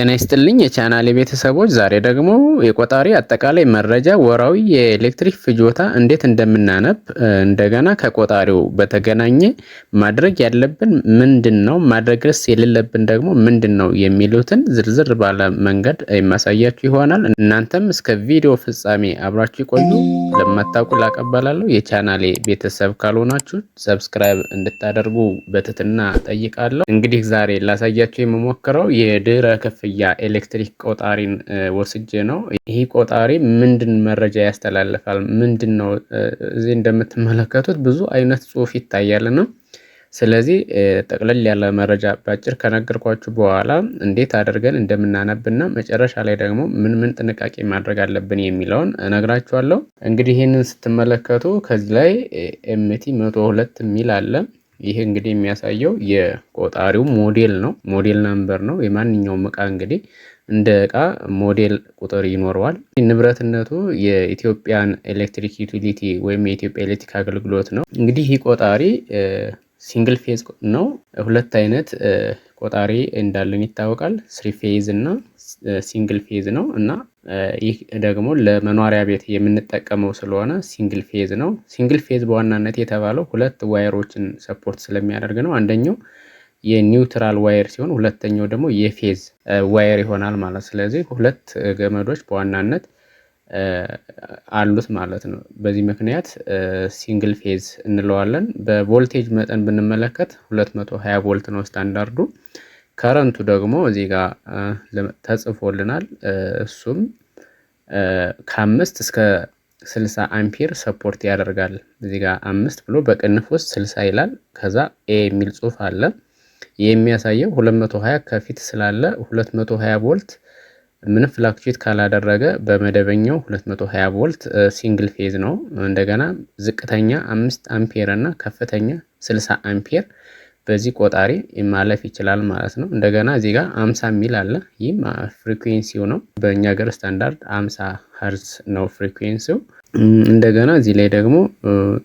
ጤና ይስጥልኝ የቻናሌ ቤተሰቦች፣ ዛሬ ደግሞ የቆጣሪ አጠቃላይ መረጃ፣ ወራዊ የኤሌክትሪክ ፍጆታ እንዴት እንደምናነብ፣ እንደገና ከቆጣሪው በተገናኘ ማድረግ ያለብን ምንድን ነው፣ ማድረግስ የሌለብን ደግሞ ምንድን ነው የሚሉትን ዝርዝር ባለ መንገድ የማሳያችሁ ይሆናል። እናንተም እስከ ቪዲዮ ፍጻሜ አብራችሁ ቆዩ። ለማታውቁ ላቀበላለሁ። የቻናሌ ቤተሰብ ካልሆናችሁ ሰብስክራይብ እንድታደርጉ በትትና ጠይቃለሁ። እንግዲህ ዛሬ ላሳያችሁ የምሞክረው የድረ ከፍ ኮፍያ ኤሌክትሪክ ቆጣሪን ወስጄ ነው። ይህ ቆጣሪ ምንድን መረጃ ያስተላልፋል ምንድን ነው? እዚህ እንደምትመለከቱት ብዙ አይነት ጽሁፍ ይታያል ስለዚህ ጠቅለል ያለ መረጃ በአጭር ከነገርኳችሁ በኋላ እንዴት አድርገን እንደምናነብና መጨረሻ ላይ ደግሞ ምን ምን ጥንቃቄ ማድረግ አለብን የሚለውን እነግራችኋለሁ። እንግዲህ ይህንን ስትመለከቱ ከዚህ ላይ ኤምቲ መቶ ሁለት የሚል አለ ይህ እንግዲህ የሚያሳየው የቆጣሪው ሞዴል ነው። ሞዴል ነምበር ነው። የማንኛውም እቃ እንግዲህ እንደ እቃ ሞዴል ቁጥር ይኖረዋል። ንብረትነቱ የኢትዮጵያን ኤሌክትሪክ ዩቲሊቲ ወይም የኢትዮጵያ ኤሌክትሪክ አገልግሎት ነው። እንግዲህ ይህ ቆጣሪ ሲንግል ፌዝ ነው። ሁለት አይነት ቆጣሪ እንዳለን ይታወቃል። ስሪ ፌዝ እና ሲንግል ፌዝ ነው እና ይህ ደግሞ ለመኖሪያ ቤት የምንጠቀመው ስለሆነ ሲንግል ፌዝ ነው። ሲንግል ፌዝ በዋናነት የተባለው ሁለት ዋየሮችን ሰፖርት ስለሚያደርግ ነው። አንደኛው የኒውትራል ዋየር ሲሆን ሁለተኛው ደግሞ የፌዝ ዋየር ይሆናል ማለት። ስለዚህ ሁለት ገመዶች በዋናነት አሉት ማለት ነው። በዚህ ምክንያት ሲንግል ፌዝ እንለዋለን። በቮልቴጅ መጠን ብንመለከት 220 ቮልት ነው ስታንዳርዱ። ከረንቱ ደግሞ እዚህ ጋር ተጽፎልናል። እሱም ከአምስት እስከ ስልሳ አምፒር ሰፖርት ያደርጋል። እዚህ ጋር አምስት ብሎ በቅንፍ ውስጥ ስልሳ ይላል። ከዛ ኤ የሚል ጽሁፍ አለ የሚያሳየው 220 ከፊት ስላለ 220 ቮልት ምን ፍላክቹዌት ካላደረገ በመደበኛው 220 ቮልት ሲንግል ፌዝ ነው። እንደገና ዝቅተኛ 5 አምፔር እና ከፍተኛ 60 አምፔር በዚህ ቆጣሪ ማለፍ ይችላል ማለት ነው። እንደገና እዚህ ጋር አምሳ የሚል አለ። ይህም ፍሪኩዌንሲው ነው። በእኛ ሀገር ስታንዳርድ አምሳ ሀርዝ ነው ፍሪኩዌንሲው። እንደገና እዚህ ላይ ደግሞ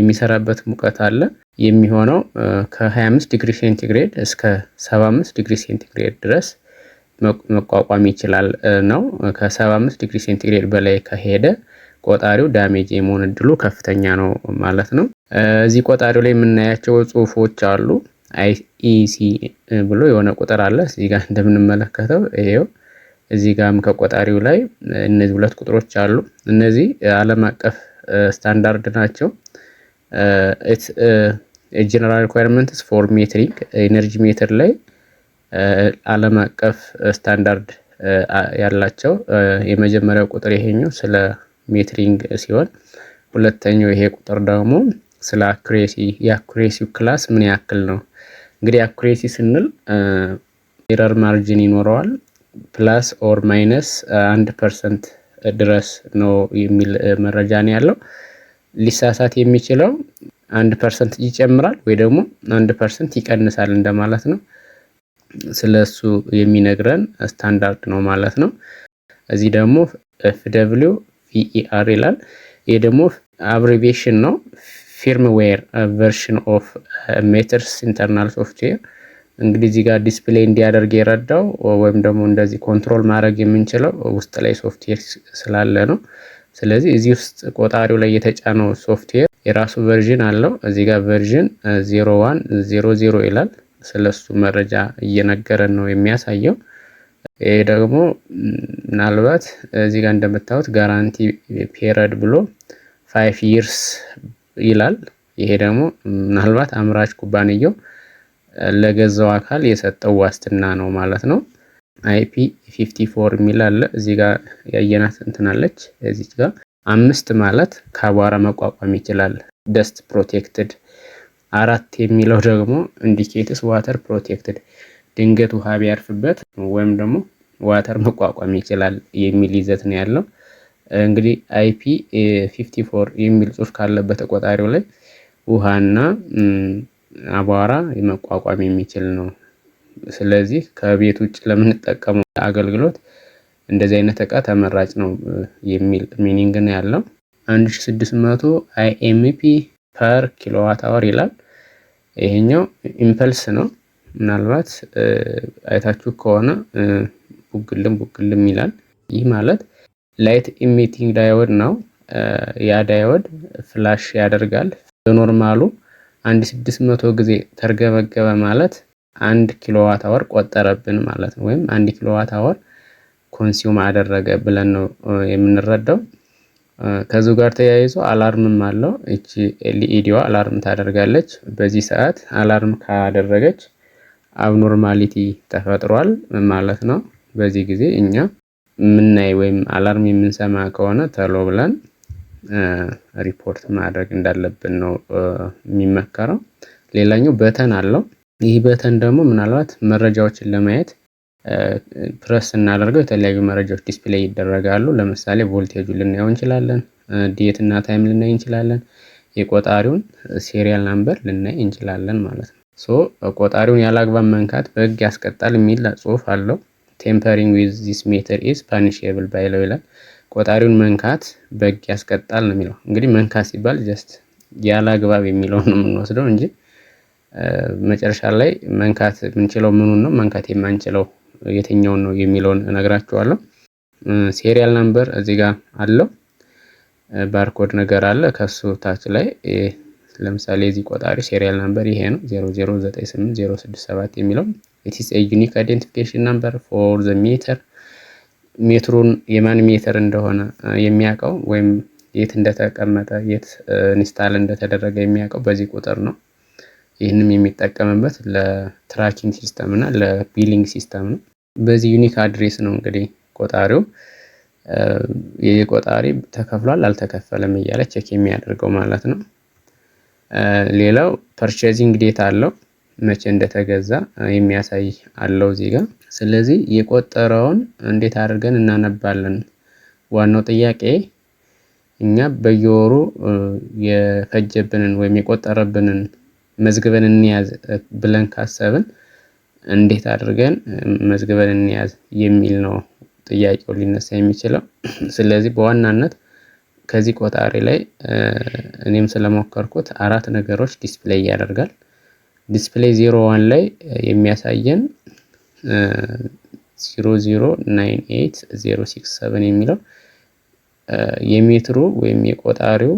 የሚሰራበት ሙቀት አለ። የሚሆነው ከ25 ዲግሪ ሴንቲግሬድ እስከ 75 ዲግሪ ሴንቲግሬድ ድረስ መቋቋም ይችላል ነው። ከ75 ዲግሪ ሴንቲግሬድ በላይ ከሄደ ቆጣሪው ዳሜጅ የመሆን እድሉ ከፍተኛ ነው ማለት ነው። እዚህ ቆጣሪው ላይ የምናያቸው ጽሁፎች አሉ። ኢሲ ብሎ የሆነ ቁጥር አለ። እዚህ ጋር እንደምንመለከተው ይሄው እዚህ ጋርም ከቆጣሪው ላይ እነዚህ ሁለት ቁጥሮች አሉ። እነዚህ ዓለም አቀፍ ስታንዳርድ ናቸው። ጀነራል ሪኳርመንትስ ፎር ሜትሪንግ ኤነርጂ ሜትር ላይ ዓለም አቀፍ ስታንዳርድ ያላቸው የመጀመሪያው ቁጥር ይሄኛው ስለ ሜትሪንግ ሲሆን ሁለተኛው ይሄ ቁጥር ደግሞ ስለ አኩሬሲ የአኩሬሲው ክላስ ምን ያክል ነው እንግዲህ አኩሬሲ ስንል ኤረር ማርጅን ይኖረዋል። ፕላስ ኦር ማይነስ አንድ ፐርሰንት ድረስ ነው የሚል መረጃ ነው ያለው። ሊሳሳት የሚችለው አንድ ፐርሰንት ይጨምራል ወይ ደግሞ አንድ ፐርሰንት ይቀንሳል እንደማለት ነው። ስለ እሱ የሚነግረን ስታንዳርድ ነው ማለት ነው። እዚህ ደግሞ ኤፍ ደብሊው ቪኢአር ይላል። ይህ ደግሞ አብሪቬሽን ነው። ፊርምዌር ቨርሽን ኦፍ ሜትርስ ኢንተርናል ሶፍትዌር እንግዲህ እዚህ ጋር ዲስፕሌይ እንዲያደርግ የረዳው ወይም ደግሞ እንደዚህ ኮንትሮል ማድረግ የምንችለው ውስጥ ላይ ሶፍትዌር ስላለ ነው። ስለዚህ እዚህ ውስጥ ቆጣሪው ላይ የተጫነው ሶፍትዌር የራሱ ቨርዥን አለው። እዚህ ጋር ቨርዥን 0100 ይላል። ስለሱ መረጃ እየነገረን ነው የሚያሳየው። ይህ ደግሞ ምናልባት እዚህ ጋር እንደምታዩት ጋራንቲ ፔረድ ብሎ ፋይቭ ይርስ ይላል። ይሄ ደግሞ ምናልባት አምራች ኩባንያው ለገዛው አካል የሰጠው ዋስትና ነው ማለት ነው። አይፒ 54 የሚል አለ። እዚህ ጋር ያየናት እንትናለች። እዚች ጋር አምስት ማለት ከአቧራ መቋቋም ይችላል ደስት ፕሮቴክትድ። አራት የሚለው ደግሞ ኢንዲኬትስ ዋተር ፕሮቴክትድ፣ ድንገት ውሃ ቢያርፍበት ወይም ደግሞ ዋተር መቋቋም ይችላል የሚል ይዘት ነው ያለው። እንግዲህ አይፒ 54 የሚል ጽሁፍ ካለበት ተቆጣሪው ላይ ውሃና አቧራ መቋቋም የሚችል ነው። ስለዚህ ከቤት ውጭ ለምንጠቀመው አገልግሎት እንደዚህ አይነት እቃ ተመራጭ ነው የሚል ሚኒንግ ነው ያለው። 1600 አይኤምፒ ፐር ኪሎዋት አወር ይላል። ይሄኛው ኢምፐልስ ነው። ምናልባት አይታችሁ ከሆነ ቡግልም ቡግልም ይላል። ይህ ማለት ላይት ኢሚቲንግ ዳይወድ ነው። ያ ዳይወድ ፍላሽ ያደርጋል። በኖርማሉ አንድ 600 ጊዜ ተርገበገበ ማለት አንድ ኪሎዋት አወር ቆጠረብን ማለት ነው። ወይም አንድ ኪሎዋት አወር ኮንሲውም አደረገ ብለን ነው የምንረዳው። ከዚሁ ጋር ተያይዞ አላርምም አለው። እቺ ኤልኢዲዋ አላርም ታደርጋለች። በዚህ ሰዓት አላርም ካደረገች አብኖርማሊቲ ተፈጥሯል ማለት ነው። በዚህ ጊዜ እኛ የምናይ ወይም አላርም የምንሰማ ከሆነ ተሎ ብለን ሪፖርት ማድረግ እንዳለብን ነው የሚመከረው። ሌላኛው በተን አለው። ይህ በተን ደግሞ ምናልባት መረጃዎችን ለማየት ፕረስ እናደርገው የተለያዩ መረጃዎች ዲስፕሌይ ይደረጋሉ። ለምሳሌ ቮልቴጁ ልናየው እንችላለን፣ ዲየት እና ታይም ልናይ እንችላለን፣ የቆጣሪውን ሴሪያል ናምበር ልናይ እንችላለን ማለት ነው። ሶ ቆጣሪውን ያለ አግባብ መንካት በህግ ያስቀጣል የሚል ጽሑፍ አለው። ቴምፐሪንግ ዊዝ ዚስ ሜተር ኢዝ ፓኒሽብል ባይለው ይላል። ቆጣሪውን መንካት በግ ያስቀጣል ነው የሚለው። እንግዲህ መንካት ሲባል ጀስት ያለ አግባብ የሚለውን ነው የምንወስደው እንጂ መጨረሻ ላይ መንካት የምንችለው ምኑን ነው፣ መንካት የማንችለው የትኛውን ነው የሚለውን እነግራችኋለሁ። ሴሪያል ናምበር እዚህ ጋር አለው። ባርኮድ ነገር አለ ከሱ ታች ላይ ለምሳሌ የዚህ ቆጣሪ ሴሪያል ነምበር ይሄ ነው 0098067 የሚለው ኢትስ ኤ ዩኒክ አይደንቲፊኬሽን ነምበር ፎር ዘ ሜተር ሜትሩን የማን ሜትር እንደሆነ የሚያውቀው ወይም የት እንደተቀመጠ የት ኢንስታል እንደተደረገ የሚያውቀው በዚህ ቁጥር ነው። ይህንም የሚጠቀምበት ለትራኪንግ ሲስተም እና ለቢሊንግ ሲስተም ነው። በዚህ ዩኒክ አድሬስ ነው እንግዲህ ቆጣሪው ይህ ቆጣሪ ተከፍሏል አልተከፈለም እያለ ቼክ የሚያደርገው ማለት ነው። ሌላው ፐርቼዚንግ ዴት አለው መቼ እንደተገዛ የሚያሳይ አለው እዚህ ጋር። ስለዚህ የቆጠረውን እንዴት አድርገን እናነባለን? ዋናው ጥያቄ እኛ በየወሩ የፈጀብንን ወይም የቆጠረብንን መዝግበን እንያዝ ብለን ካሰብን እንዴት አድርገን መዝግበን እንያዝ የሚል ነው ጥያቄው ሊነሳ የሚችለው። ስለዚህ በዋናነት ከዚህ ቆጣሪ ላይ እኔም ስለሞከርኩት አራት ነገሮች ዲስፕሌይ ያደርጋል። ዲስፕሌይ ዜሮ ዋን ላይ የሚያሳየን ዜሮ ዜሮ ናይን ኤይት ዜሮ ሲክስ ሰቨን የሚለው የሜትሩ ወይም የቆጣሪው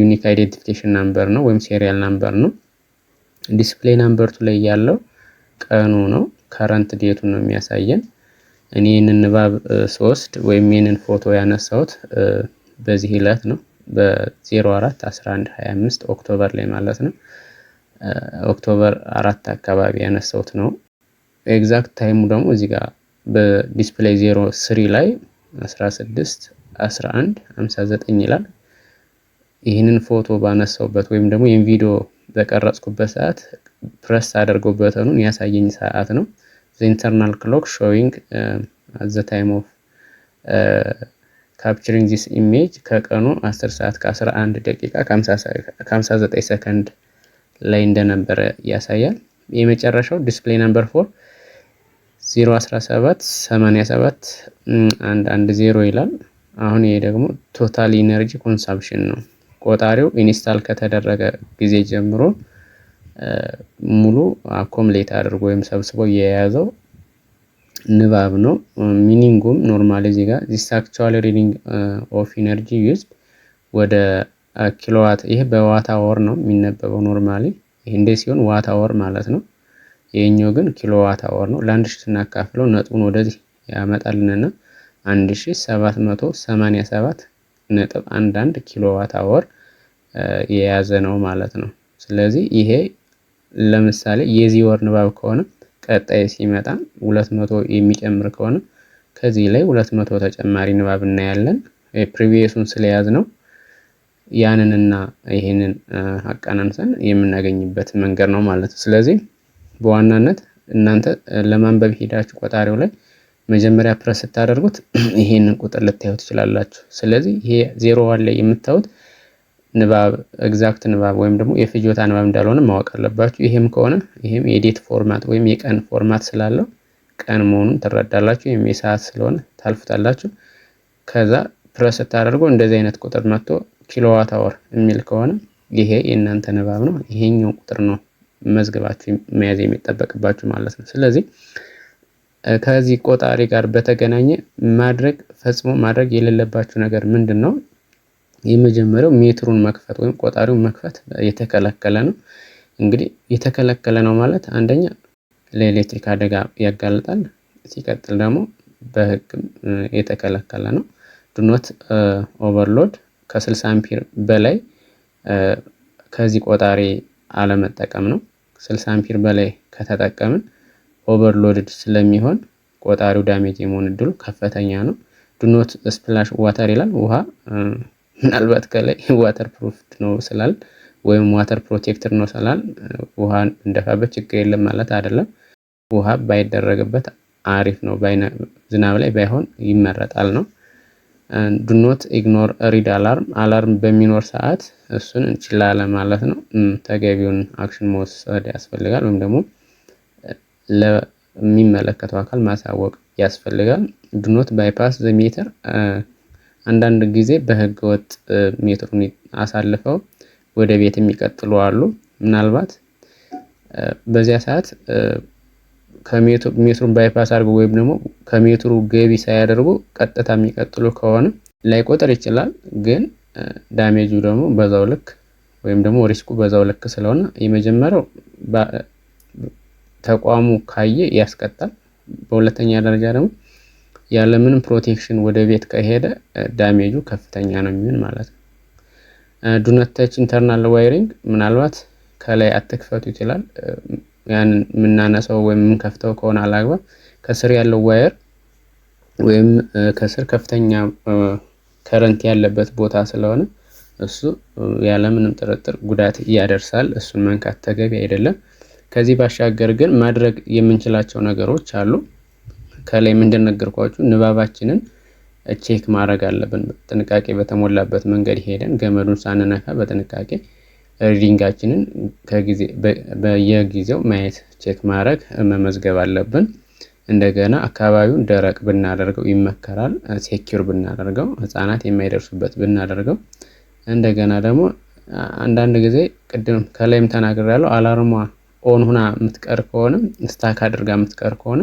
ዩኒክ አይዴንቲፊኬሽን ናምበር ነው ወይም ሴሪያል ናምበር ነው። ዲስፕሌይ ናምበርቱ ላይ ያለው ቀኑ ነው። ከረንት ዴቱ ነው የሚያሳየን። እኔ ይህንን ንባብ ስወስድ ወይም ይህንን ፎቶ ያነሳሁት በዚህ ዕለት ነው በ04 1125 ኦክቶበር ላይ ማለት ነው። ኦክቶበር አራት አካባቢ ያነሳሁት ነው። ኤግዛክት ታይሙ ደግሞ እዚህ ጋር በዲስፕሌይ 03 ላይ 16 11 59 ይላል። ይህንን ፎቶ ባነሳውበት ወይም ደግሞ ይህን ቪዲዮ በቀረጽኩበት ሰዓት ፕረስ አድርጎበት ያሳየኝ ሰዓት ነው። the internal clock showing uh, at the time of uh, capturing this image ከቀኑ 10 ሰዓት ከ11 ደቂቃ ከ59 ሰከንድ ላይ እንደነበረ ያሳያል። የመጨረሻው ዲስፕሌይ ነምበር 4 017 87 110 ይላል። አሁን ይሄ ደግሞ ቶታል ኢነርጂ ኮንሳምፕሽን ነው። ቆጣሪው ኢንስታል ከተደረገ ጊዜ ጀምሮ ሙሉ አኮምሌት አድርጎ ወይም ሰብስቦ የያዘው ንባብ ነው። ሚኒንጉም ኖርማሊ እዚህ ጋር ዚስ አክቹዋል ሪዲንግ ኦፍ ኢነርጂ ዩዝድ ወደ ኪሎዋት uh, ይሄ በዋት አወር ነው የሚነበበው ኖርማሊ። ይህ እንደ ሲሆን ዋት አወር ማለት ነው። ይህኛው ግን ኪሎዋት አወር ነው። ለአንድ ሺ ስናካፍለው ነጥቡን ወደዚህ ያመጣልንና አንድ ሺ ሰባት መቶ ሰማኒያ ሰባት ነጥብ አንድ አንድ ኪሎዋት አወር uh, የያዘ ነው ማለት ነው። ስለዚህ ይሄ ለምሳሌ የዚህ ወር ንባብ ከሆነ ቀጣይ ሲመጣ ሁለት መቶ የሚጨምር ከሆነ ከዚህ ላይ ሁለት መቶ ተጨማሪ ንባብ እናያለን። ፕሪቪየሱን ስለያዝ ነው ያንንና ይህንን አቀናንሰን የምናገኝበት መንገድ ነው ማለት ነው። ስለዚህ በዋናነት እናንተ ለማንበብ ሄዳችሁ ቆጣሪው ላይ መጀመሪያ ፕረስ ስታደርጉት ይሄንን ቁጥር ልታዩ ትችላላችሁ። ስለዚህ ይሄ ዜሮ ዋን ላይ የምታዩት ንባብ ኤግዛክት ንባብ ወይም ደግሞ የፍጆታ ንባብ እንዳልሆነ ማወቅ አለባችሁ። ይሄም ከሆነ ይሄም የዴት ፎርማት ወይም የቀን ፎርማት ስላለው ቀን መሆኑን ትረዳላችሁ። ወይም የሰዓት ስለሆነ ታልፉታላችሁ። ከዛ ፕረስ ስታደርጎ እንደዚህ አይነት ቁጥር መጥቶ ኪሎዋት አወር የሚል ከሆነ ይሄ የእናንተ ንባብ ነው። ይሄኛው ቁጥር ነው መዝግባችሁ መያዝ የሚጠበቅባችሁ ማለት ነው። ስለዚህ ከዚህ ቆጣሪ ጋር በተገናኘ ማድረግ ፈጽሞ ማድረግ የሌለባችሁ ነገር ምንድን ነው? የመጀመሪያው ሜትሩን መክፈት ወይም ቆጣሪውን መክፈት የተከለከለ ነው። እንግዲህ የተከለከለ ነው ማለት አንደኛ ለኤሌክትሪክ አደጋ ያጋልጣል። ሲቀጥል ደግሞ በህግ የተከለከለ ነው። ድኖት ኦቨርሎድ ከ60 አምፒር በላይ ከዚህ ቆጣሪ አለመጠቀም ነው። 60 አምፒር በላይ ከተጠቀምን ኦቨርሎድድ ስለሚሆን ቆጣሪው ዳሜጅ የመሆን እድሉ ከፍተኛ ነው። ዱኖት ስፕላሽ ዋተር ይላል ውሃ ምናልባት ከላይ ዋተር ፕሩፍ ነው ስላል ወይም ዋተር ፕሮቴክተር ነው ስላል ውሃ እንደፋበት ችግር የለም ማለት አይደለም። ውሃ ባይደረግበት አሪፍ ነው፣ ዝናብ ላይ ባይሆን ይመረጣል ነው። ዱኖት ኢግኖር ሪድ አላርም፣ አላርም በሚኖር ሰዓት እሱን እንችላለ ማለት ነው። ተገቢውን አክሽን መውሰድ ያስፈልጋል፣ ወይም ደግሞ ለሚመለከተው አካል ማሳወቅ ያስፈልጋል። ዱኖት ባይፓስ ዘሜተር አንዳንድ ጊዜ በህገ ወጥ ሜትሩን አሳልፈው ወደ ቤት የሚቀጥሉ አሉ። ምናልባት በዚያ ሰዓት ሜትሩን ባይፓስ አድርገው ወይም ደግሞ ከሜትሩ ገቢ ሳያደርጉ ቀጥታ የሚቀጥሉ ከሆነ ላይቆጠር ይችላል። ግን ዳሜጁ ደግሞ በዛው ልክ ወይም ደግሞ ሪስኩ በዛው ልክ ስለሆነ የመጀመሪያው ተቋሙ ካየ ያስቀጣል። በሁለተኛ ደረጃ ደግሞ ያለምንም ፕሮቴክሽን ወደ ቤት ከሄደ ዳሜጁ ከፍተኛ ነው የሚሆን ማለት ነው። ዱነተች ኢንተርናል ዋይሪንግ ምናልባት ከላይ አትክፈቱ ይችላል። ያንን የምናነሳው ወይም የምንከፍተው ከሆነ አላግባብ ከስር ያለው ዋየር ወይም ከስር ከፍተኛ ከረንት ያለበት ቦታ ስለሆነ እሱ ያለምንም ጥርጥር ጉዳት ያደርሳል። እሱን መንካት ተገቢ አይደለም። ከዚህ ባሻገር ግን ማድረግ የምንችላቸው ነገሮች አሉ። ከላይም እንደነገርኳችሁ ንባባችንን ቼክ ማድረግ አለብን። ጥንቃቄ በተሞላበት መንገድ ሄደን ገመዱን ሳንነካ በጥንቃቄ ሪዲንጋችንን በየጊዜው ማየት ቼክ ማድረግ መመዝገብ አለብን። እንደገና አካባቢውን ደረቅ ብናደርገው ይመከራል። ሴኪር ብናደርገው ህፃናት የማይደርሱበት ብናደርገው። እንደገና ደግሞ አንዳንድ ጊዜ ቅድም ከላይም ተናግሬያለሁ፣ አላርሟ ኦን ሁና የምትቀር ከሆነ ስታክ አድርጋ የምትቀር ከሆነ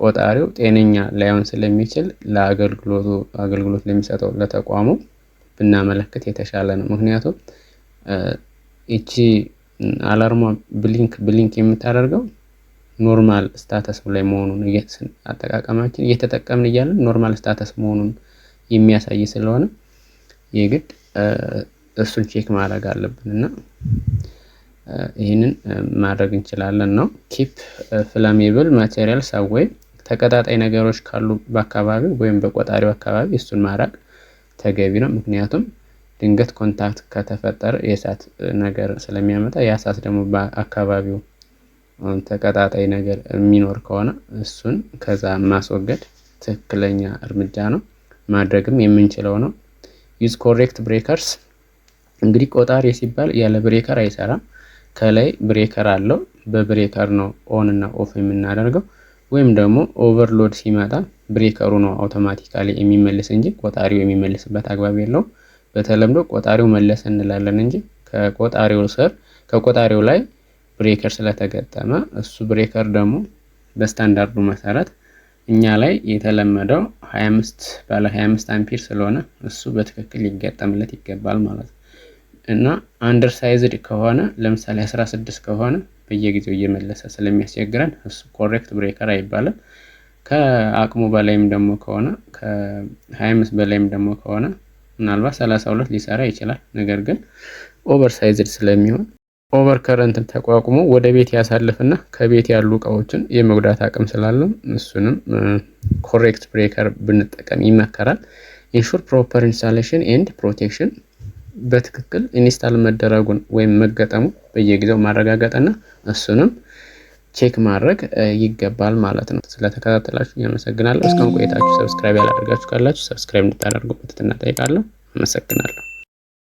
ቆጣሪው ጤነኛ ላይሆን ስለሚችል ለአገልግሎቱ አገልግሎት ለሚሰጠው ለተቋሙ ብናመለክት የተሻለ ነው። ምክንያቱም እቺ አላርሟ ብሊንክ ብሊንክ የምታደርገው ኖርማል ስታተስ ላይ መሆኑን አጠቃቀማችን እየተጠቀምን እያለን ኖርማል ስታተስ መሆኑን የሚያሳይ ስለሆነ የግድ እሱን ቼክ ማድረግ አለብን እና ይህንን ማድረግ እንችላለን ነው። ኪፕ ፍላሜብል ማቴሪያልስ አወይ ተቀጣጣይ ነገሮች ካሉ በአካባቢው ወይም በቆጣሪው አካባቢ እሱን ማራቅ ተገቢ ነው። ምክንያቱም ድንገት ኮንታክት ከተፈጠረ የእሳት ነገር ስለሚያመጣ ያ እሳት ደግሞ በአካባቢው ተቀጣጣይ ነገር የሚኖር ከሆነ እሱን ከዛ ማስወገድ ትክክለኛ እርምጃ ነው። ማድረግም የምንችለው ነው። ዩዝ ኮሬክት ብሬከርስ እንግዲህ ቆጣሪ ሲባል ያለ ብሬከር አይሰራም። ከላይ ብሬከር አለው። በብሬከር ነው ኦን እና ኦፍ የምናደርገው ወይም ደግሞ ኦቨርሎድ ሲመጣ ብሬከሩ ነው አውቶማቲካሊ የሚመልስ እንጂ ቆጣሪው የሚመልስበት አግባብ የለውም። በተለምዶ ቆጣሪው መለሰ እንላለን እንጂ ከቆጣሪው ስር ከቆጣሪው ላይ ብሬከር ስለተገጠመ እሱ ብሬከር ደግሞ በስታንዳርዱ መሰረት እኛ ላይ የተለመደው 25 ባለ 25 አምፒር ስለሆነ እሱ በትክክል ሊገጠምለት ይገባል ማለት ነው። እና አንደር ሳይዝድ ከሆነ ለምሳሌ 16 ከሆነ በየጊዜው እየመለሰ ስለሚያስቸግረን እሱ ኮሬክት ብሬከር አይባልም። ከአቅሙ በላይም ደግሞ ከሆነ ከ25 በላይም ደግሞ ከሆነ ምናልባት 32 ሊሰራ ይችላል። ነገር ግን ኦቨር ሳይዝድ ስለሚሆን ኦቨር ከረንትን ተቋቁሞ ወደ ቤት ያሳልፍና ከቤት ያሉ እቃዎችን የመጉዳት አቅም ስላለ እሱንም ኮሬክት uh, ብሬከር ብንጠቀም ይመከራል። ኢንሹር ፕሮፐር ኢንስታሌሽን ኤንድ ፕሮቴክሽን በትክክል ኢንስታል መደረጉን ወይም መገጠሙን በየጊዜው ማረጋገጥና እሱንም ቼክ ማድረግ ይገባል ማለት ነው። ስለተከታተላችሁ እያመሰግናለሁ። እስካሁን ቆይታችሁ ሰብስክራይብ ያላደርጋችሁ ካላችሁ ሰብስክራይብ እንድታደርጉ በትህትና እጠይቃለሁ። አመሰግናለሁ።